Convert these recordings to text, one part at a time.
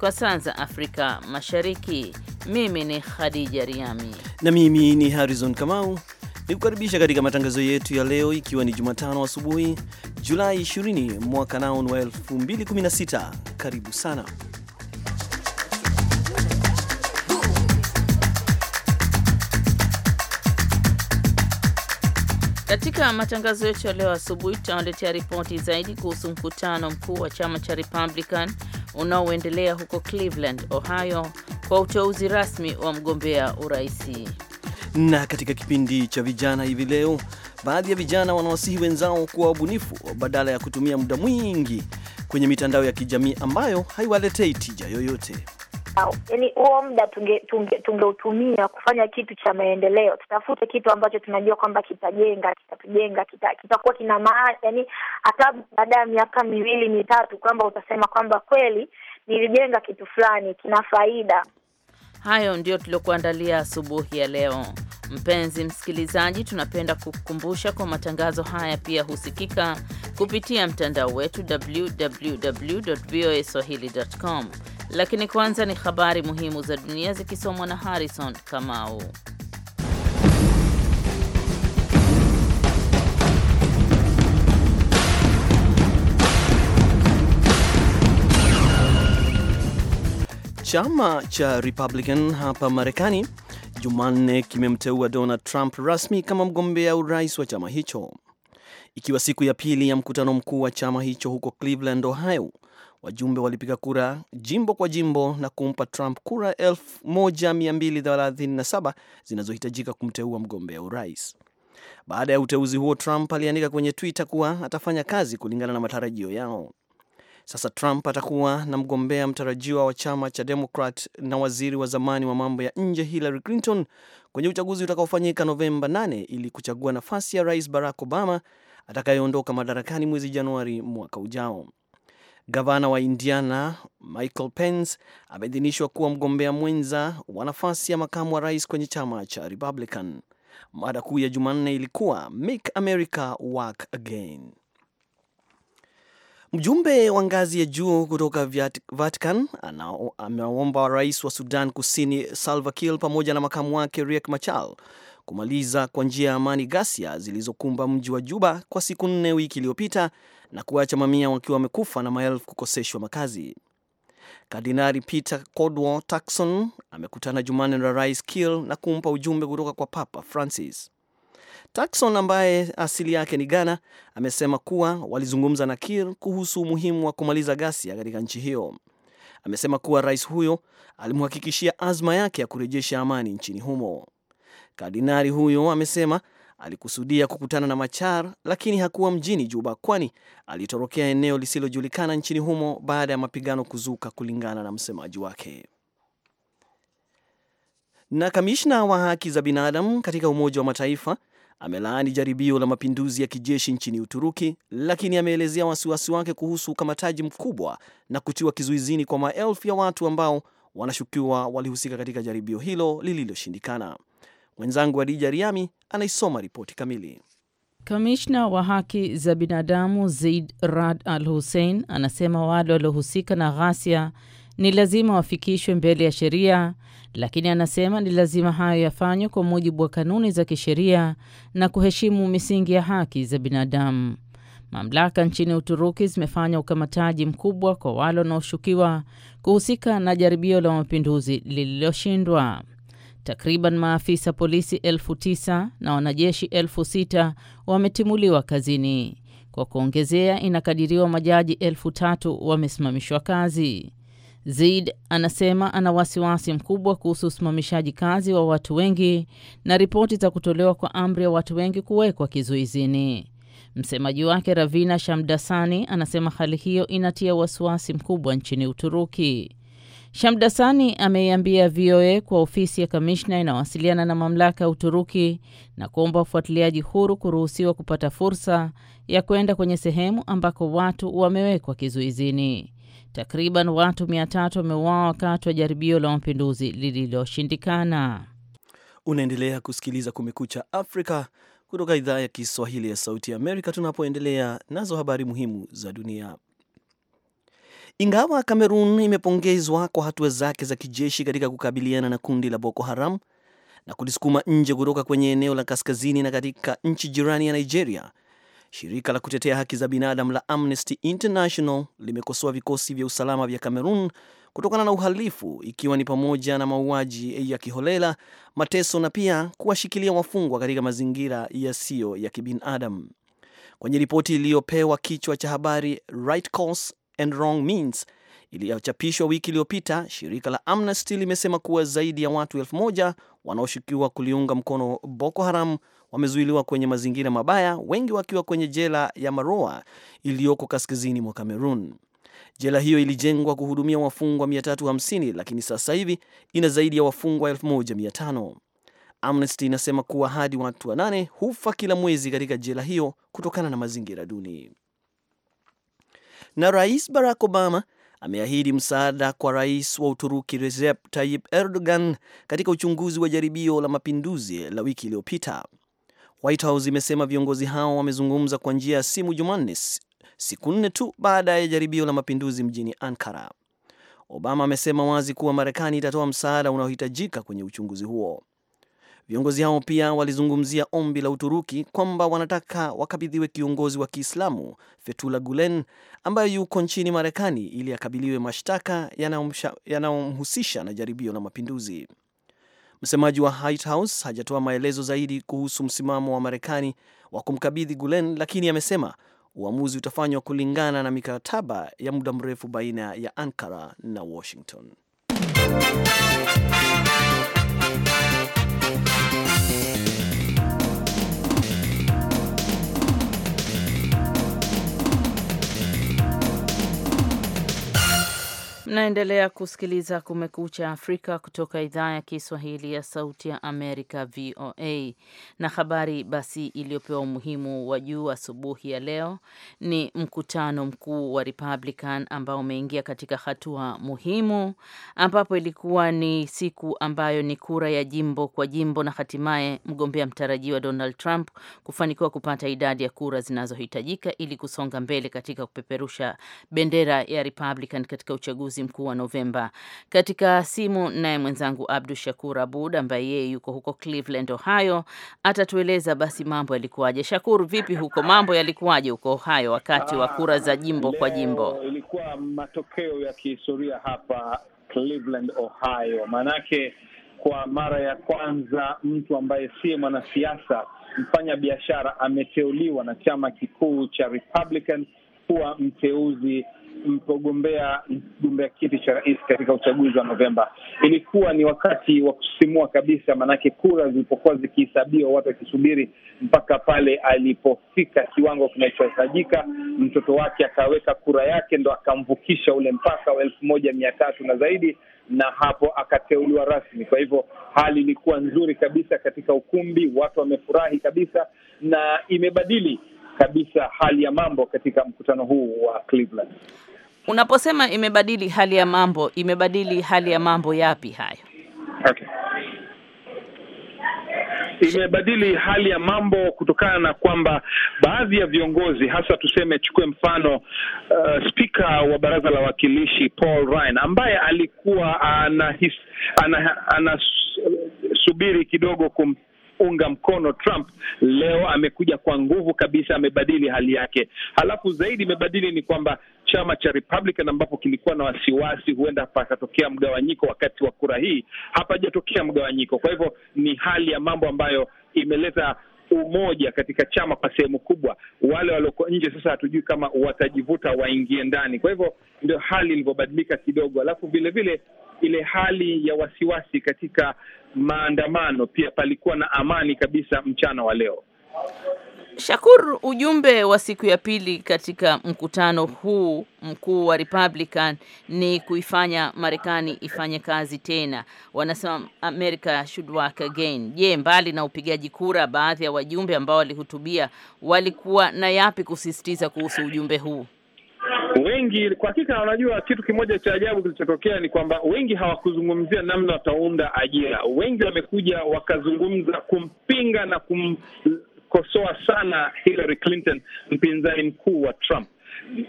kwa saa za Afrika Mashariki. Mimi ni Khadija Riami na mimi ni Harrison Kamau ni kukaribisha katika matangazo yetu ya leo, ikiwa ni Jumatano asubuhi Julai 20 mwaka naon wa 2016. Karibu sana Katika matangazo yetu ya leo asubuhi tunawaletea ripoti zaidi kuhusu mkutano mkuu wa chama cha Republican unaoendelea huko Cleveland, Ohio kwa uteuzi rasmi wa mgombea uraisi. Na katika kipindi cha vijana hivi leo, baadhi ya vijana wanawasihi wenzao kuwa wabunifu badala ya kutumia muda mwingi kwenye mitandao ya kijamii ambayo haiwaletei tija yoyote yaani huo muda tungeutumia tunge, tunge kufanya kitu cha maendeleo. Tutafute kitu ambacho tunajua kwamba kitajenga, kitatujenga, kitakuwa kita kina maana, yaani hata baada ya miaka miwili mitatu, kwamba utasema kwamba kweli nilijenga kitu fulani, kina faida. Hayo ndio tuliokuandalia asubuhi ya leo. Mpenzi msikilizaji, tunapenda kukukumbusha kwa matangazo haya pia husikika kupitia mtandao wetu www.voaswahili.com. Lakini kwanza ni habari muhimu za dunia zikisomwa na Harrison Kamau. Chama cha Republican hapa Marekani Jumanne kimemteua Donald Trump rasmi kama mgombea urais wa chama hicho, ikiwa siku ya pili ya mkutano mkuu wa chama hicho huko Cleveland, Ohio. Wajumbe walipiga kura jimbo kwa jimbo na kumpa Trump kura 1237 zinazohitajika kumteua mgombea urais. Baada ya uteuzi huo, Trump aliandika kwenye Twitter kuwa atafanya kazi kulingana na matarajio yao. Sasa Trump atakuwa na mgombea mtarajiwa wa chama cha Demokrat na waziri wa zamani wa mambo ya nje Hillary Clinton kwenye uchaguzi utakaofanyika Novemba 8 ili kuchagua nafasi ya Rais Barack Obama atakayeondoka madarakani mwezi Januari mwaka ujao. Gavana wa Indiana Michael Pence ameidhinishwa kuwa mgombea mwenza wa nafasi ya makamu wa rais kwenye chama cha Republican. Mada kuu ya Jumanne ilikuwa Make America Work Again. Mjumbe wa ngazi ya juu kutoka Vatican amewaomba rais wa Sudan Kusini Salva Kiir pamoja na makamu wake Riek Machar kumaliza kwa njia ya amani ghasia zilizokumba mji wa Juba kwa siku nne wiki iliyopita na kuacha mamia wakiwa wamekufa na maelfu kukoseshwa makazi. Kardinali Peter Codwo Turkson amekutana Jumanne na rais Kiir na kumpa ujumbe kutoka kwa Papa Francis. Takson ambaye asili yake ni Ghana amesema kuwa walizungumza na kir kuhusu umuhimu wa kumaliza ghasia katika nchi hiyo. Amesema kuwa rais huyo alimhakikishia azma yake ya kurejesha amani nchini humo. Kardinali huyo amesema alikusudia kukutana na Machar lakini hakuwa mjini Juba, kwani alitorokea eneo lisilojulikana nchini humo baada ya mapigano kuzuka, kulingana na msemaji wake. Na kamishna wa haki za binadamu katika Umoja wa Mataifa amelaani jaribio la mapinduzi ya kijeshi nchini Uturuki, lakini ameelezea wasiwasi wake kuhusu ukamataji mkubwa na kutiwa kizuizini kwa maelfu ya watu ambao wanashukiwa walihusika katika jaribio hilo lililoshindikana. Mwenzangu Adija Riami anaisoma ripoti kamili. Kamishna wa haki za binadamu Zaid Rad Al Hussein anasema wale waliohusika na ghasia ni lazima wafikishwe mbele ya sheria lakini anasema ni lazima hayo yafanywe kwa mujibu wa kanuni za kisheria na kuheshimu misingi ya haki za binadamu. Mamlaka nchini Uturuki zimefanya ukamataji mkubwa kwa wale wanaoshukiwa kuhusika na jaribio la mapinduzi lililoshindwa. Takriban maafisa polisi elfu tisa na wanajeshi elfu sita wametimuliwa kazini. Kwa kuongezea, inakadiriwa majaji elfu tatu wamesimamishwa kazi. Zaid anasema ana wasiwasi mkubwa kuhusu usimamishaji kazi wa watu wengi na ripoti za kutolewa kwa amri ya watu wengi kuwekwa kizuizini. Msemaji wake Ravina Shamdasani anasema hali hiyo inatia wasiwasi mkubwa nchini Uturuki. Shamdasani ameiambia VOA kwa ofisi ya kamishna inawasiliana na mamlaka ya Uturuki na kuomba wafuatiliaji huru kuruhusiwa kupata fursa ya kwenda kwenye sehemu ambako watu wamewekwa kizuizini. Takriban watu 300 wameuawa wakati wa jaribio la mapinduzi lililoshindikana. Unaendelea kusikiliza Kumekucha Afrika kutoka idhaa ya Kiswahili ya Sauti ya Amerika, tunapoendelea nazo habari muhimu za dunia. Ingawa Kamerun imepongezwa kwa hatua zake za kijeshi katika kukabiliana na kundi la Boko Haram na kulisukuma nje kutoka kwenye eneo la kaskazini na katika nchi jirani ya Nigeria, Shirika la kutetea haki za binadamu la Amnesty International limekosoa vikosi vya usalama vya Cameroon kutokana na uhalifu ikiwa ni pamoja na mauaji ya kiholela, mateso na pia kuwashikilia wafungwa katika mazingira yasiyo ya kibinadamu. Kwenye ripoti iliyopewa kichwa cha habari Right Course and Wrong Means iliyochapishwa wiki iliyopita, shirika la Amnesty limesema kuwa zaidi ya watu elfu moja wanaoshukiwa kuliunga mkono Boko Haram wamezuiliwa kwenye mazingira mabaya, wengi wakiwa kwenye jela ya Maroa iliyoko kaskazini mwa cameron Jela hiyo ilijengwa kuhudumia wafungwa 350 lakini sasa hivi ina zaidi ya wafungwa 1500. Amnesty inasema kuwa hadi watu wanane hufa kila mwezi katika jela hiyo kutokana na mazingira duni. Na Rais Barack Obama ameahidi msaada kwa rais wa Uturuki Recep Tayyip Erdogan katika uchunguzi wa jaribio la mapinduzi la wiki iliyopita. White House imesema viongozi hao wamezungumza kwa njia ya simu Jumanne, siku nne tu baada ya jaribio la mapinduzi mjini Ankara. Obama amesema wazi kuwa Marekani itatoa msaada unaohitajika kwenye uchunguzi huo. Viongozi hao pia walizungumzia ombi la Uturuki kwamba wanataka wakabidhiwe kiongozi wa Kiislamu fetula Gulen ambaye yuko nchini Marekani ili akabiliwe mashtaka yanayomhusisha na jaribio la mapinduzi. Msemaji wa White House hajatoa maelezo zaidi kuhusu msimamo wa Marekani wa kumkabidhi Gulen, lakini amesema uamuzi utafanywa kulingana na mikataba ya muda mrefu baina ya Ankara na Washington. Mnaendelea kusikiliza Kumekucha Afrika kutoka idhaa ya Kiswahili ya Sauti ya Amerika, VOA. Na habari basi iliyopewa umuhimu wa juu asubuhi ya leo ni mkutano mkuu wa Republican ambao umeingia katika hatua muhimu, ambapo ilikuwa ni siku ambayo ni kura ya jimbo kwa jimbo, na hatimaye mgombea mtarajiwa Donald Trump kufanikiwa kupata idadi ya kura zinazohitajika ili kusonga mbele katika kupeperusha bendera ya Republican katika uchaguzi uchaguzi mkuu wa Novemba. Katika simu naye mwenzangu Abdu Shakur Abud ambaye yeye yuko huko Cleveland, Ohio, atatueleza basi mambo yalikuwaje. Shakur, vipi huko, mambo yalikuwaje huko Ohio wakati wa kura za jimbo kwa ah, jimbo? Ilikuwa matokeo ya kihistoria hapa Cleveland, Ohio, maanake kwa mara ya kwanza mtu ambaye siye mwanasiasa, mfanya biashara, ameteuliwa na chama kikuu cha Republican kuwa mteuzi mpogombea mgombea kiti cha rais katika uchaguzi wa Novemba. Ilikuwa ni wakati wa kusisimua kabisa, maanake kura zilipokuwa zikihesabiwa, watu wakisubiri mpaka pale alipofika kiwango kinachohitajika, mtoto wake akaweka kura yake, ndo akamvukisha ule mpaka wa elfu moja mia tatu na zaidi na hapo akateuliwa rasmi. Kwa hivyo hali ilikuwa nzuri kabisa katika ukumbi, watu wamefurahi kabisa, na imebadili kabisa hali ya mambo katika mkutano huu wa Cleveland. Unaposema imebadili hali ya mambo, imebadili hali ya mambo yapi hayo? Okay. Imebadili hali ya mambo kutokana na kwamba baadhi ya viongozi hasa tuseme, chukue mfano uh, spika wa baraza la wawakilishi Paul Ryan ambaye alikuwa anasubiri ana, ana, ana, kidogo kum kumuunga mkono Trump, leo amekuja kwa nguvu kabisa, amebadili hali yake. Halafu zaidi imebadili ni kwamba chama cha Republican ambapo kilikuwa na wasiwasi huenda pakatokea mgawanyiko wakati wa kura hii, hapajatokea mgawanyiko. Kwa hivyo ni hali ya mambo ambayo imeleta umoja katika chama kwa sehemu kubwa. Wale walioko nje sasa hatujui kama watajivuta waingie ndani. Kwa hivyo ndio hali ilivyobadilika kidogo, alafu vile vile ile hali ya wasiwasi katika maandamano pia, palikuwa na amani kabisa mchana wa leo. Shakur, ujumbe wa siku ya pili katika mkutano huu mkuu wa Republican ni kuifanya Marekani ifanye kazi tena. Wanasema America should work again. Je, mbali na upigaji kura, baadhi ya wajumbe ambao walihutubia walikuwa na yapi kusisitiza kuhusu ujumbe huu? Wengi kwa hakika, unajua kitu kimoja cha ajabu kilichotokea ni kwamba wengi hawakuzungumzia namna wataunda ajira. Wengi wamekuja wakazungumza kumpinga na kum kukosoa sana Hillary Clinton, mpinzani mkuu wa Trump.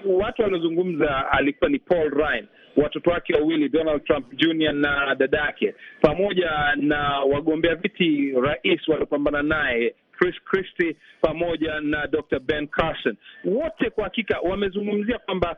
Watu waliozungumza alikuwa ni Paul Ryan, watoto wake wawili Donald Trump Jr na dada yake, pamoja na wagombea viti rais waliopambana naye Chris Christie pamoja na Dr Ben Carson. Wote kwa hakika wamezungumzia kwamba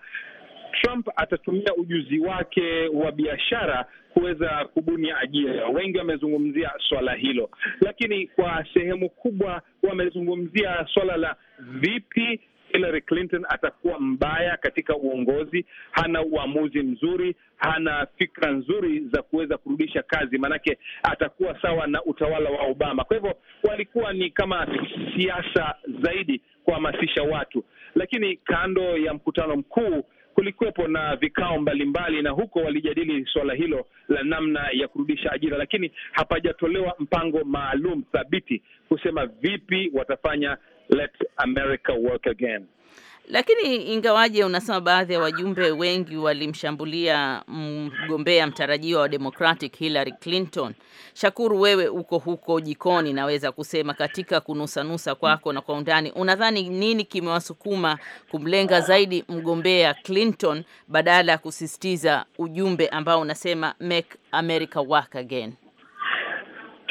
Trump atatumia ujuzi wake wa biashara kuweza kubuni ajira. Wengi wamezungumzia swala hilo, lakini kwa sehemu kubwa wamezungumzia swala la vipi Hillary Clinton atakuwa mbaya katika uongozi, hana uamuzi mzuri, hana fikra nzuri za kuweza kurudisha kazi, maanake atakuwa sawa na utawala wa Obama. Kwa hivyo walikuwa ni kama siasa zaidi kuhamasisha watu, lakini kando ya mkutano mkuu kulikuwepo na vikao mbalimbali, na huko walijadili suala hilo la namna ya kurudisha ajira, lakini hapajatolewa mpango maalum thabiti kusema vipi watafanya Let America Work Again. Lakini ingawaje unasema baadhi ya wajumbe wengi walimshambulia mgombea mtarajiwa wa Democratic Hillary Clinton, Shakuru, wewe uko huko jikoni, naweza kusema katika kunusanusa kwako na kwa undani, unadhani nini kimewasukuma kumlenga zaidi mgombea Clinton badala ya kusisitiza ujumbe ambao unasema make America work again?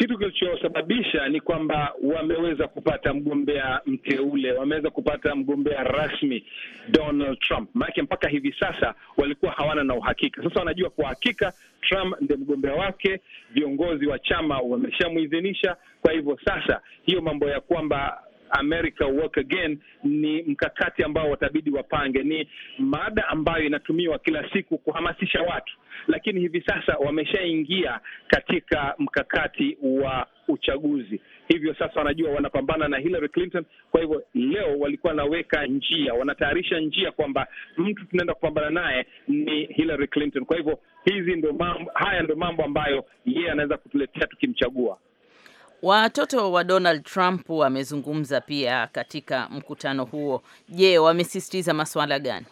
kitu kilichosababisha ni kwamba wameweza kupata mgombea mteule, wameweza kupata mgombea rasmi Donald Trump. Maanake mpaka hivi sasa walikuwa hawana na uhakika. Sasa wanajua kwa hakika Trump ndiye mgombea wake, viongozi wa chama wameshamwidhinisha. Kwa hivyo sasa hiyo mambo ya kwamba America Work Again ni mkakati ambao watabidi wapange. Ni mada ambayo inatumiwa kila siku kuhamasisha watu, lakini hivi sasa wameshaingia katika mkakati wa uchaguzi. Hivyo sasa wanajua wanapambana na Hillary Clinton. Kwa hivyo leo walikuwa wanaweka njia, wanatayarisha njia kwamba mtu tunaenda kupambana naye ni Hillary Clinton. Kwa hivyo hizi ndo mambo haya ndo mambo ambayo yeye yeah, anaweza kutuletea tukimchagua. Watoto wa Donald Trump wamezungumza pia katika mkutano huo. Je, wamesisitiza masuala gani?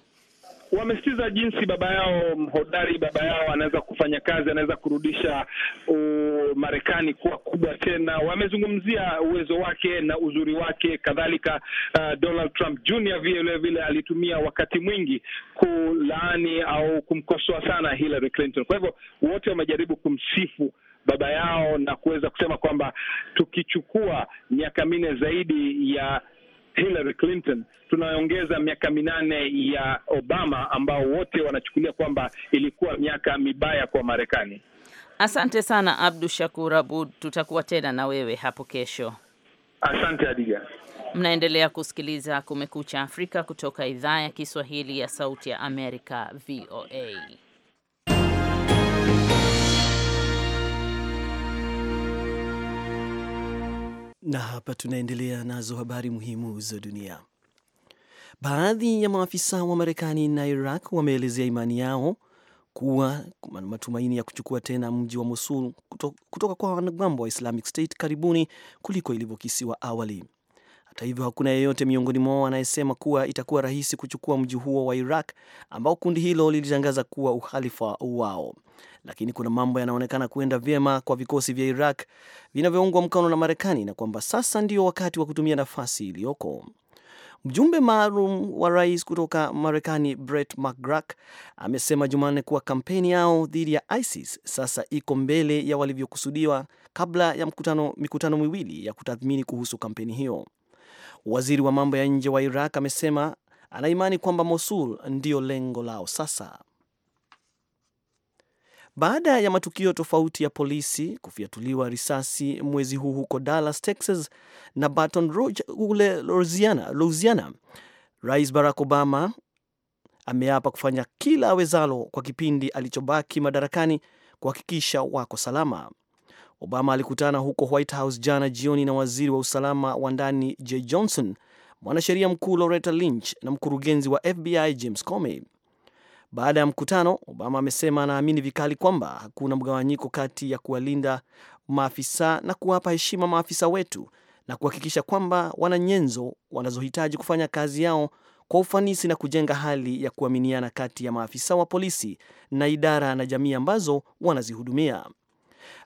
Wamesitiza jinsi baba yao mhodari, baba yao anaweza kufanya kazi, anaweza kurudisha uh, Marekani kuwa kubwa tena. Wamezungumzia uwezo wake na uzuri wake, kadhalika uh, Donald Trump Jr vile vile alitumia wakati mwingi kulaani au kumkosoa sana Hillary Clinton. Kwa hivyo wote wamejaribu kumsifu baba yao na kuweza kusema kwamba tukichukua miaka minne zaidi ya Hillary Clinton tunaongeza miaka minane ya Obama, ambao wote wanachukulia kwamba ilikuwa miaka mibaya kwa Marekani. Asante sana Abdu Shakur Abud, tutakuwa tena na wewe hapo kesho. Asante Adija. Mnaendelea kusikiliza Kumekucha Afrika kutoka idhaa ya Kiswahili ya Sauti ya Amerika, VOA. Na hapa tunaendelea nazo habari muhimu za dunia. Baadhi ya maafisa wa Marekani na Iraq wameelezea imani yao kuwa matumaini ya kuchukua tena mji wa Mosul kutoka kwa wanamgambo wa Islamic State karibuni kuliko ilivyokisiwa awali. Hata hivyo, hakuna yeyote miongoni mwao anayesema kuwa itakuwa rahisi kuchukua mji huo wa Iraq ambao kundi hilo lilitangaza kuwa uhalifa wao lakini kuna mambo yanaonekana kuenda vyema kwa vikosi vya Iraq vinavyoungwa mkono na Marekani na kwamba sasa ndio wakati wa kutumia nafasi iliyoko. Mjumbe maalum wa rais kutoka Marekani Brett McGurk amesema Jumanne kuwa kampeni yao dhidi ya ISIS sasa iko mbele ya walivyokusudiwa kabla ya mkutano, mikutano miwili ya kutathmini kuhusu kampeni hiyo. Waziri wa mambo ya nje wa Iraq amesema anaimani kwamba Mosul ndiyo lengo lao sasa baada ya matukio tofauti ya polisi kufyatuliwa risasi mwezi huu huko Dallas, Texas na Baton Rouge kule Louisiana, Rais Barack Obama ameapa kufanya kila awezalo kwa kipindi alichobaki madarakani kuhakikisha wako salama. Obama alikutana huko White House jana jioni na waziri wa usalama wa ndani J Johnson, mwanasheria mkuu Loretta Lynch na mkurugenzi wa FBI James Comey. Baada ya mkutano, Obama amesema anaamini vikali kwamba hakuna mgawanyiko kati ya kuwalinda maafisa na kuwapa heshima maafisa wetu na kuhakikisha kwamba wana nyenzo wanazohitaji kufanya kazi yao kwa ufanisi na kujenga hali ya kuaminiana kati ya maafisa wa polisi na idara na jamii ambazo wanazihudumia.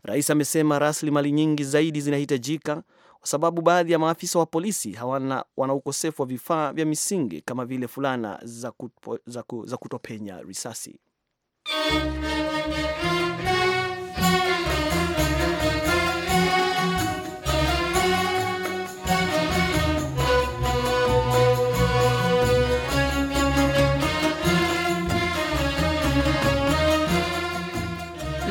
Rais amesema rasilimali nyingi zaidi zinahitajika kwa sababu baadhi ya maafisa wa polisi hawana wana ukosefu wa vifaa vya misingi kama vile fulana za, kutpo, za, ku, za kutopenya risasi.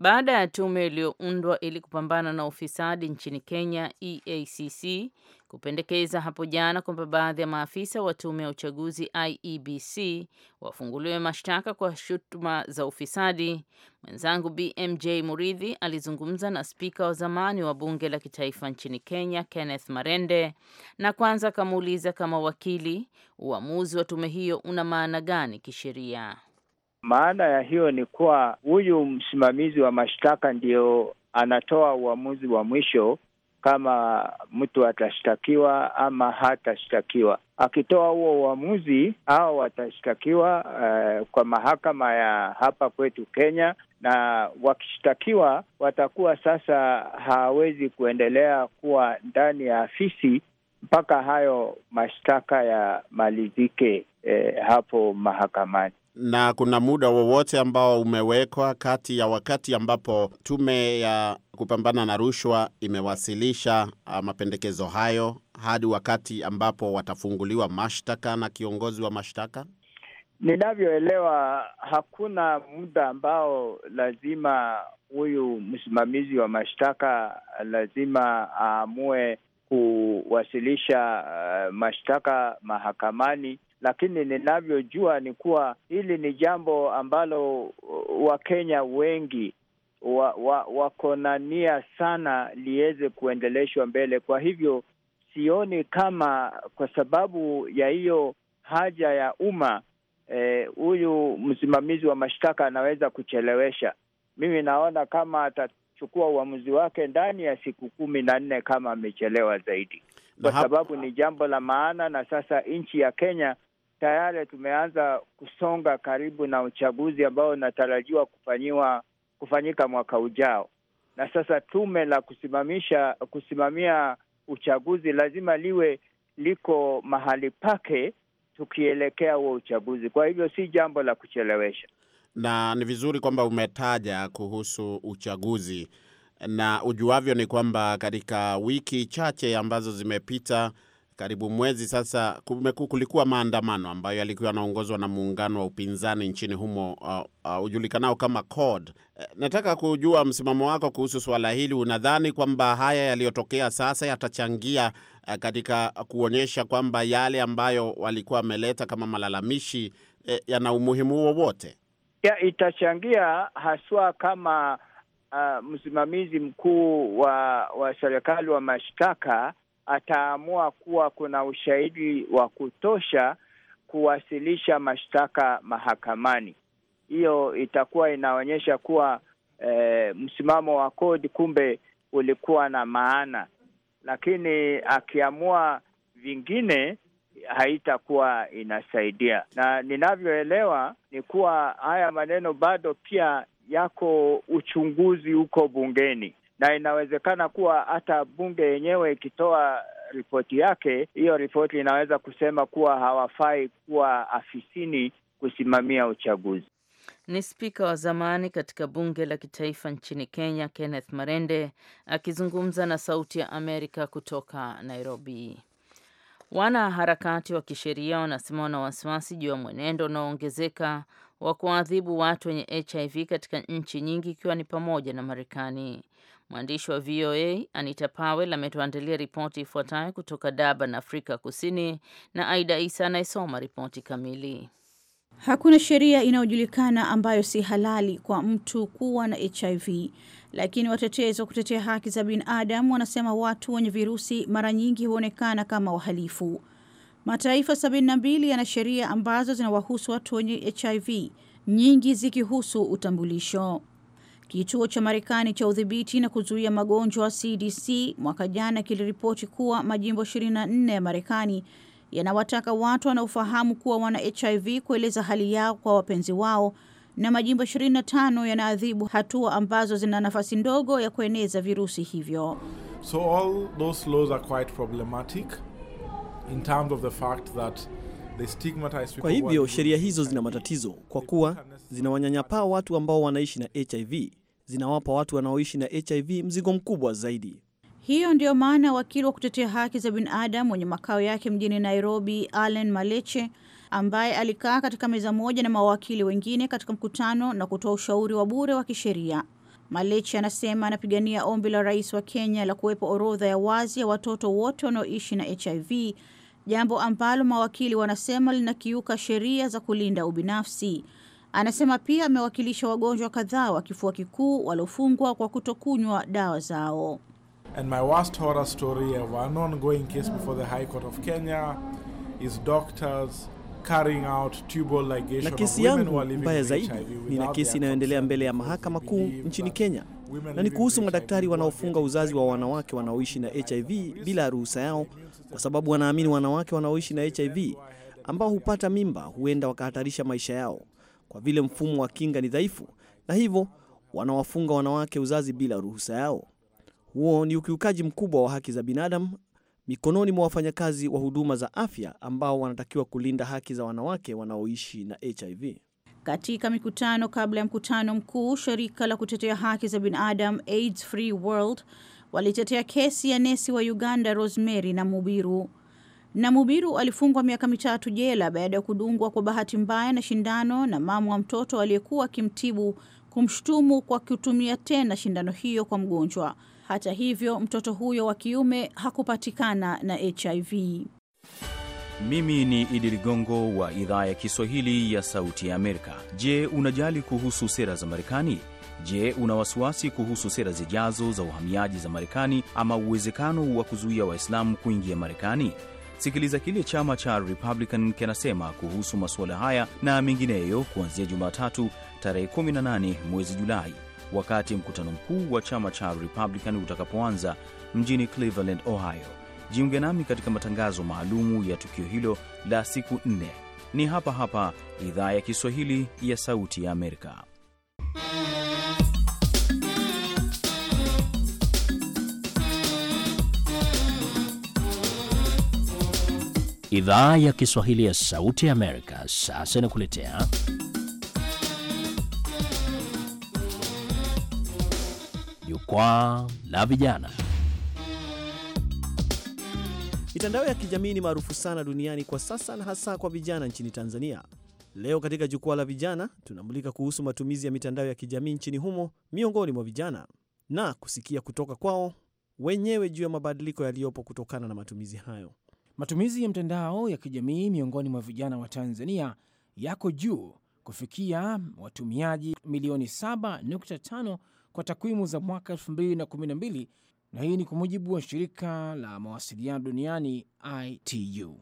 baada ya tume iliyoundwa ili kupambana na ufisadi nchini Kenya EACC kupendekeza hapo jana kwamba baadhi ya maafisa wa tume ya uchaguzi IEBC wafunguliwe mashtaka kwa shutuma za ufisadi. Mwenzangu BMJ Muridhi alizungumza na spika wa zamani wa bunge la kitaifa nchini Kenya Kenneth Marende, na kwanza akamuuliza kama wakili, uamuzi wa tume hiyo una maana gani kisheria? Maana ya hiyo ni kuwa huyu msimamizi wa mashtaka ndio anatoa uamuzi wa mwisho kama mtu atashtakiwa ama hatashtakiwa. Akitoa huo uamuzi, hao watashtakiwa uh, kwa mahakama ya hapa kwetu Kenya, na wakishtakiwa watakuwa sasa hawawezi kuendelea kuwa ndani ya afisi mpaka hayo mashtaka yamalizike eh, hapo mahakamani na kuna muda wowote ambao umewekwa kati ya wakati ambapo tume ya kupambana na rushwa imewasilisha ah, mapendekezo hayo hadi wakati ambapo watafunguliwa mashtaka na kiongozi wa mashtaka? Ninavyoelewa, hakuna muda ambao lazima huyu msimamizi wa mashtaka ah, lazima aamue kuwasilisha uh, mashtaka mahakamani lakini ninavyojua ni kuwa hili ni jambo ambalo uh, Wakenya wengi wako wa, na nia sana liweze kuendeleshwa mbele. Kwa hivyo sioni kama kwa sababu ya hiyo haja ya umma eh, huyu eh, msimamizi wa mashtaka anaweza kuchelewesha. Mimi naona kama atachukua uamuzi wake ndani ya siku kumi na nne kama amechelewa zaidi, kwa sababu ni jambo la maana, na sasa nchi ya Kenya tayari tumeanza kusonga karibu na uchaguzi ambao unatarajiwa kufanyiwa kufanyika mwaka ujao, na sasa tume la kusimamisha kusimamia uchaguzi lazima liwe liko mahali pake tukielekea huo uchaguzi. Kwa hivyo si jambo la kuchelewesha, na ni vizuri kwamba umetaja kuhusu uchaguzi, na ujuavyo ni kwamba katika wiki chache ambazo zimepita karibu mwezi sasa kumeku, kulikuwa maandamano ambayo yalikuwa yanaongozwa na muungano wa upinzani nchini humo uh, uh, ujulikanao kama CORD. Uh, nataka kujua msimamo wako kuhusu suala hili. Unadhani kwamba haya yaliyotokea sasa yatachangia uh, katika kuonyesha kwamba yale ambayo walikuwa wameleta kama malalamishi uh, yana umuhimu wowote? Ya, itachangia haswa kama uh, msimamizi mkuu wa, wa serikali wa mashtaka ataamua kuwa kuna ushahidi wa kutosha kuwasilisha mashtaka mahakamani. Hiyo itakuwa inaonyesha kuwa e, msimamo wa kodi kumbe ulikuwa na maana, lakini akiamua vingine haitakuwa inasaidia. Na ninavyoelewa ni kuwa haya maneno bado pia yako uchunguzi huko bungeni, na inawezekana kuwa hata bunge yenyewe ikitoa ripoti yake, hiyo ripoti inaweza kusema kuwa hawafai kuwa afisini kusimamia uchaguzi. Ni spika wa zamani katika bunge la kitaifa nchini Kenya, Kenneth Marende akizungumza na Sauti ya Amerika kutoka Nairobi. Wanaharakati wa kisheria wanasema wana wasiwasi juu ya mwenendo unaoongezeka wa kuwaadhibu watu wenye HIV katika nchi nyingi ikiwa ni pamoja na Marekani. Mwandishi wa VOA Anita Powell ametuandalia ripoti ifuatayo kutoka Durban, Afrika Kusini, na Aida Isa anayesoma ripoti kamili. Hakuna sheria inayojulikana ambayo si halali kwa mtu kuwa na HIV, lakini watetezi wa kutetea haki za binadamu wanasema watu wenye virusi mara nyingi huonekana kama wahalifu. Mataifa 72 yana sheria ambazo zinawahusu watu wenye HIV, nyingi zikihusu utambulisho. Kituo cha Marekani cha udhibiti na kuzuia magonjwa CDC mwaka jana kiliripoti kuwa majimbo 24 ya Marekani yanawataka watu wanaofahamu kuwa wana HIV kueleza hali yao kwa wapenzi wao na majimbo 25 yanaadhibu hatua ambazo zina nafasi ndogo ya kueneza virusi hivyo. So all those laws are quite problematic in terms of the fact that they stigmatize. Kwa hivyo sheria hizo zina matatizo kwa kuwa zinawanyanyapaa watu ambao wanaishi na HIV zinawapa watu wanaoishi na HIV mzigo mkubwa zaidi. Hiyo ndiyo maana wakili wa kutetea haki za binadamu mwenye makao yake mjini Nairobi, Allen Maleche, ambaye alikaa katika meza moja na mawakili wengine katika mkutano na kutoa ushauri wa bure wa kisheria. Maleche anasema anapigania ombi la rais wa Kenya la kuwepo orodha ya wazi ya watoto wote wanaoishi na HIV, jambo ambalo mawakili wanasema linakiuka sheria za kulinda ubinafsi. Anasema pia amewakilisha wagonjwa kadhaa wa kifua kikuu waliofungwa kwa kutokunywa dawa zao. And my worst horror story of an ongoing case before the High Court of Kenya is doctors carrying out tubal ligation. Na kesi yangu mbaya zaidi na kesi inayoendelea mbele ya mahakama kuu nchini Kenya, na ni kuhusu madaktari wanaofunga uzazi wa wanawake wanaoishi na HIV bila ruhusa yao, kwa sababu wanaamini wanawake wanaoishi na HIV ambao hupata mimba huenda wakahatarisha maisha yao kwa vile mfumo wa kinga ni dhaifu, na hivyo wanawafunga wanawake uzazi bila ruhusa yao. Huo ni ukiukaji mkubwa wa haki za binadamu mikononi mwa wafanyakazi wa huduma za afya ambao wanatakiwa kulinda haki za wanawake wanaoishi na HIV. Katika mikutano kabla ya mkutano mkuu, shirika la kutetea haki za binadamu AIDS Free World walitetea kesi ya nesi wa Uganda Rosemary na Mubiru na Mubiru alifungwa miaka mitatu jela baada ya kudungwa kwa bahati mbaya na shindano na mama wa mtoto aliyekuwa akimtibu kumshutumu kwa kutumia tena shindano hiyo kwa mgonjwa. Hata hivyo, mtoto huyo wa kiume hakupatikana na HIV. Mimi ni Idi Ligongo wa idhaa ya Kiswahili ya Sauti ya Amerika. Je, unajali kuhusu sera za Marekani? Je, una wasiwasi kuhusu sera zijazo za uhamiaji za Marekani ama uwezekano wa kuzuia Waislamu kuingia Marekani? Sikiliza kile chama cha Republican kinasema kuhusu masuala haya na mengineyo kuanzia Jumatatu tarehe 18 mwezi Julai wakati mkutano mkuu wa chama cha Republican utakapoanza mjini Cleveland, Ohio. Jiunge nami katika matangazo maalumu ya tukio hilo la siku nne. Ni hapa hapa idhaa ya Kiswahili ya Sauti ya Amerika. Idhaa ya Kiswahili ya Sauti ya Amerika sasa inakuletea Jukwaa la Vijana. Mitandao ya kijamii ni maarufu sana duniani kwa sasa na hasa kwa vijana nchini Tanzania. Leo katika Jukwaa la Vijana tunamulika kuhusu matumizi ya mitandao ya kijamii nchini humo miongoni mwa vijana na kusikia kutoka kwao wenyewe juu ya mabadiliko yaliyopo kutokana na matumizi hayo. Matumizi ya mtandao ya kijamii miongoni mwa vijana wa Tanzania yako juu kufikia watumiaji milioni 7.5 kwa takwimu za mwaka 2012 na hii ni kwa mujibu wa shirika la mawasiliano duniani ITU.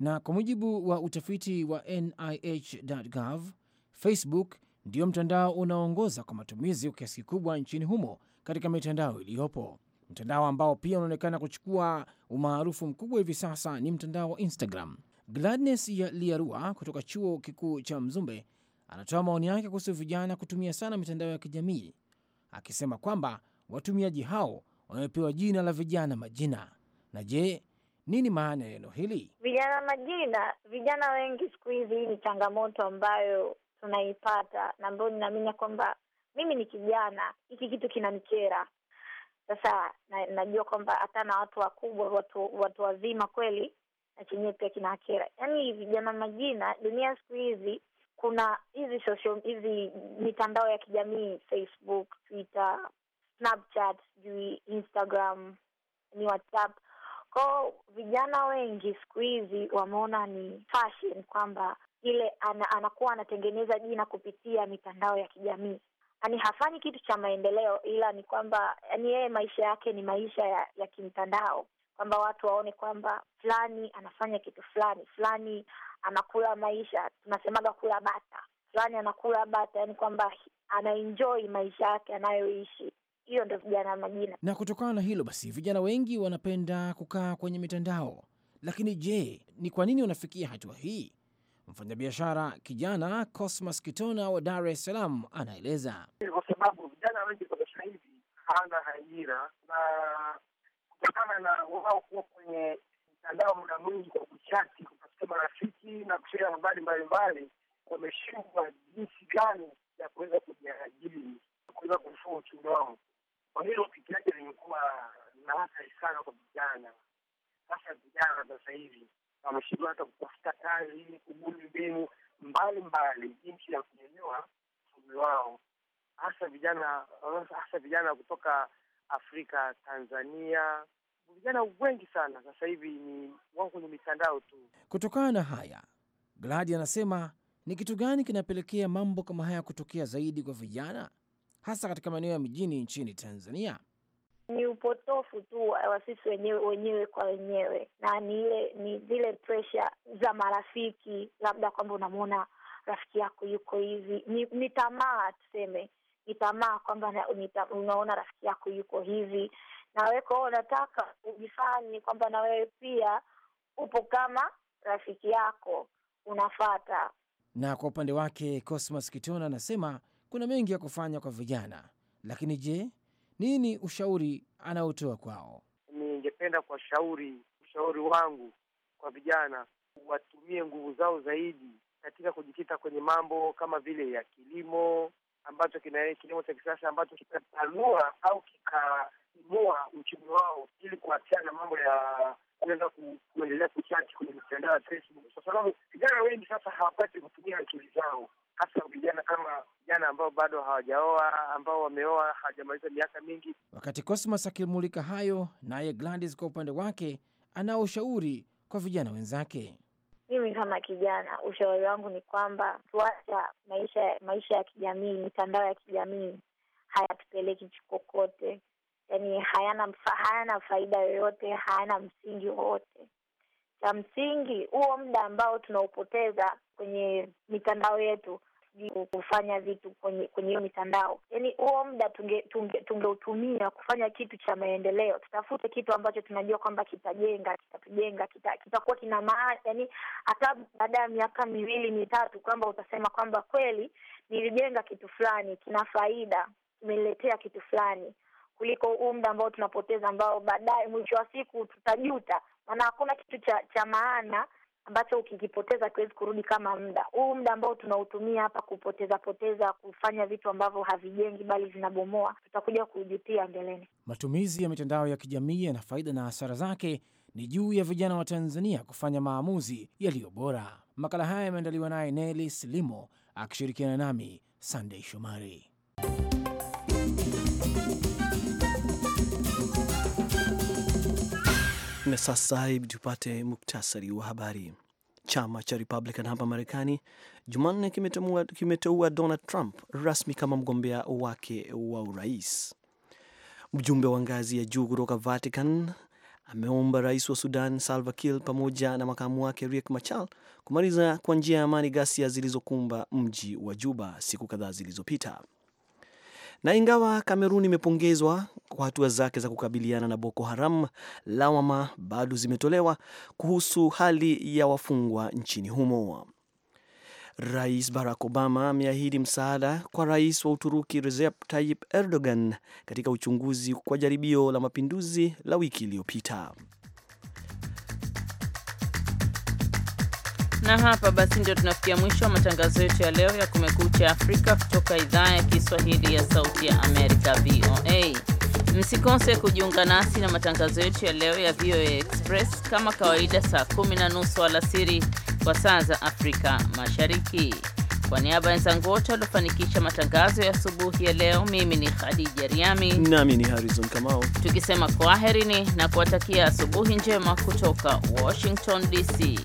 Na kwa mujibu wa utafiti wa NIH.gov, Facebook ndiyo mtandao unaoongoza kwa matumizi kwa kiasi kikubwa nchini humo katika mitandao iliyopo. Mtandao ambao pia unaonekana kuchukua umaarufu mkubwa hivi sasa ni mtandao wa Instagram. Gladness ya Liarua kutoka chuo kikuu cha Mzumbe anatoa maoni yake kuhusu vijana kutumia sana mitandao ya kijamii, akisema kwamba watumiaji hao wamepewa jina la vijana majina. Na je, nini maana ya neno hili vijana majina? Vijana wengi siku hizi, hii ni changamoto ambayo tunaipata na ambayo ninaamini kwamba mimi ni kijana, hiki kitu kinanikera sasa na, najua kwamba hata na watu wakubwa, watu watu wazima kweli, na chenyewe pia kina akira. Yaani vijana majina, dunia siku hizi kuna hizi social hizi mitandao ya kijamii Facebook, Twitter, Snapchat, sijui Instagram, ni WhatsApp kwao. Vijana wengi siku hizi wameona ni fashion kwamba ile ana, anakuwa anatengeneza jina kupitia mitandao ya kijamii yani hafanyi kitu cha maendeleo, ila ni kwamba yani yeye maisha yake ni maisha ya, ya kimtandao, kwamba watu waone kwamba fulani anafanya kitu fulani, fulani anakula maisha, tunasemaga kula bata, fulani anakula bata, yani kwamba anaenjoy maisha yake anayoishi. Hiyo ndo vijana majina. Na kutokana na hilo basi, vijana wengi wanapenda kukaa kwenye mitandao. Lakini je, ni kwa nini wanafikia hatua hii? Mfanyabiashara kijana Cosmas Kitona wa Dar es Salaam anaeleza. Kwa sababu vijana wengi kwa sasa hivi hana ajira, na kutokana na wao kuwa kwenye mtandao muda mwingi kwa kuchati, kutafuta marafiki na kushea habari mbalimbali, wameshindwa jinsi gani ya kuweza kujiajiri, kuweza kufua uchumi wao. Kwa hiyo piki yake limekuwa na hatari sana kwa vijana, hasa vijana sasa hivi wameshindwa hata kutafuta kazi, kubuni mbinu mbalimbali jinsi ya kunyanyua uchumi wao, hasa vijana hasa vijana kutoka Afrika, Tanzania. Vijana wengi sana sasa hivi ni wao kwenye mitandao tu. Kutokana na haya, Gladi anasema ni kitu gani kinapelekea mambo kama haya kutokea zaidi kwa vijana, hasa katika maeneo ya mijini nchini Tanzania? ni upotofu tu wa sisi wenyewe wenyewe kwa wenyewe, na ni ile ni zile presha za marafiki, labda kwamba unamwona rafiki yako yuko hivi, ni, ni tamaa tuseme, ni tamaa kwamba unaona rafiki yako yuko hivi, na kwao unataka ujifanye kwamba na wewe pia upo kama rafiki yako unafata. Na kwa upande wake Cosmas Kitona anasema kuna mengi ya kufanya kwa vijana, lakini je, nini ushauri anaotoa kwao? Ningependa kuwashauri, ushauri wangu kwa vijana, watumie nguvu zao zaidi katika kujikita kwenye mambo kama vile ya kilimo ambacho kina kilimo cha kisasa ambacho kitapanua au kikainua uchumi wao, ili kuachana na mambo ya kuweza kuendelea kuchati kwenye mitandao ya Facebook, kwa sababu vijana wengi sasa hawapati kutumia akili zao hasa vijana kama vijana ambao bado hawajaoa, ambao wameoa hawajamaliza miaka mingi. Wakati Cosmas akimulika hayo, naye Gladys kwa upande wake anao ushauri kwa vijana wenzake. Mimi kama kijana, ushauri wangu ni kwamba tuacha maisha maisha ya kijamii, mitandao ya kijamii hayatupeleki kokote, yani hayana hayana faida yoyote, hayana msingi wowote. Cha msingi, huo muda ambao tunaupoteza kwenye mitandao yetu sijui kufanya vitu kwenye kwenye hiyo mitandao. Yaani huo muda tungeutumia tunge, tunge kufanya kitu cha maendeleo, tutafute kitu ambacho tunajua kwamba kitajenga kitatujenga kitakuwa kita kina maana, yani hata baada ya miaka miwili mitatu, kwamba utasema kwamba kweli nilijenga kitu fulani, kina faida, kimeletea kitu fulani kuliko huu muda ambao tunapoteza ambao baadaye mwisho wa siku tutajuta, maana hakuna kitu cha cha maana ambacho ukikipoteza kiwezi kurudi kama muda huu. Muda ambao tunautumia hapa kupoteza poteza, kufanya vitu ambavyo havijengi bali vinabomoa, tutakuja kujutia mbeleni. Matumizi ya mitandao ya kijamii yana faida na hasara zake, ni juu ya vijana wa Tanzania kufanya maamuzi yaliyo bora. Makala haya yameandaliwa naye Nelis Limo akishirikiana nami sandey Shomari. Na sasa hivi tupate muktasari wa habari. Chama cha Republican hapa Marekani Jumanne kimeteua Donald Trump rasmi kama mgombea wake wa urais. Mjumbe wa ngazi ya juu kutoka Vatican ameomba rais wa Sudan Salva Kiir pamoja na makamu wake Riek Machar kumaliza kwa njia ya amani ghasia zilizokumba mji wa Juba siku kadhaa zilizopita. Na ingawa Kamerun imepongezwa kwa hatua zake za kukabiliana na Boko Haram, lawama bado zimetolewa kuhusu hali ya wafungwa nchini humo. Rais Barack Obama ameahidi msaada kwa rais wa Uturuki Recep Tayyip Erdogan katika uchunguzi kwa jaribio la mapinduzi la wiki iliyopita. Na hapa basi ndio tunafikia mwisho wa matangazo yetu ya leo ya Kumekucha Afrika kutoka idhaa ya Kiswahili ya Sauti ya Amerika, VOA. Msikose kujiunga nasi na matangazo yetu ya leo ya VOA Express kama kawaida, saa kumi na nusu alasiri kwa saa za Afrika Mashariki. Kwa niaba ya wenzangu wote waliofanikisha matangazo ya asubuhi ya leo, mimi ni Khadija Riami nami ni Harrison Kamau, tukisema kwaherini na kuwatakia asubuhi njema kutoka Washington DC.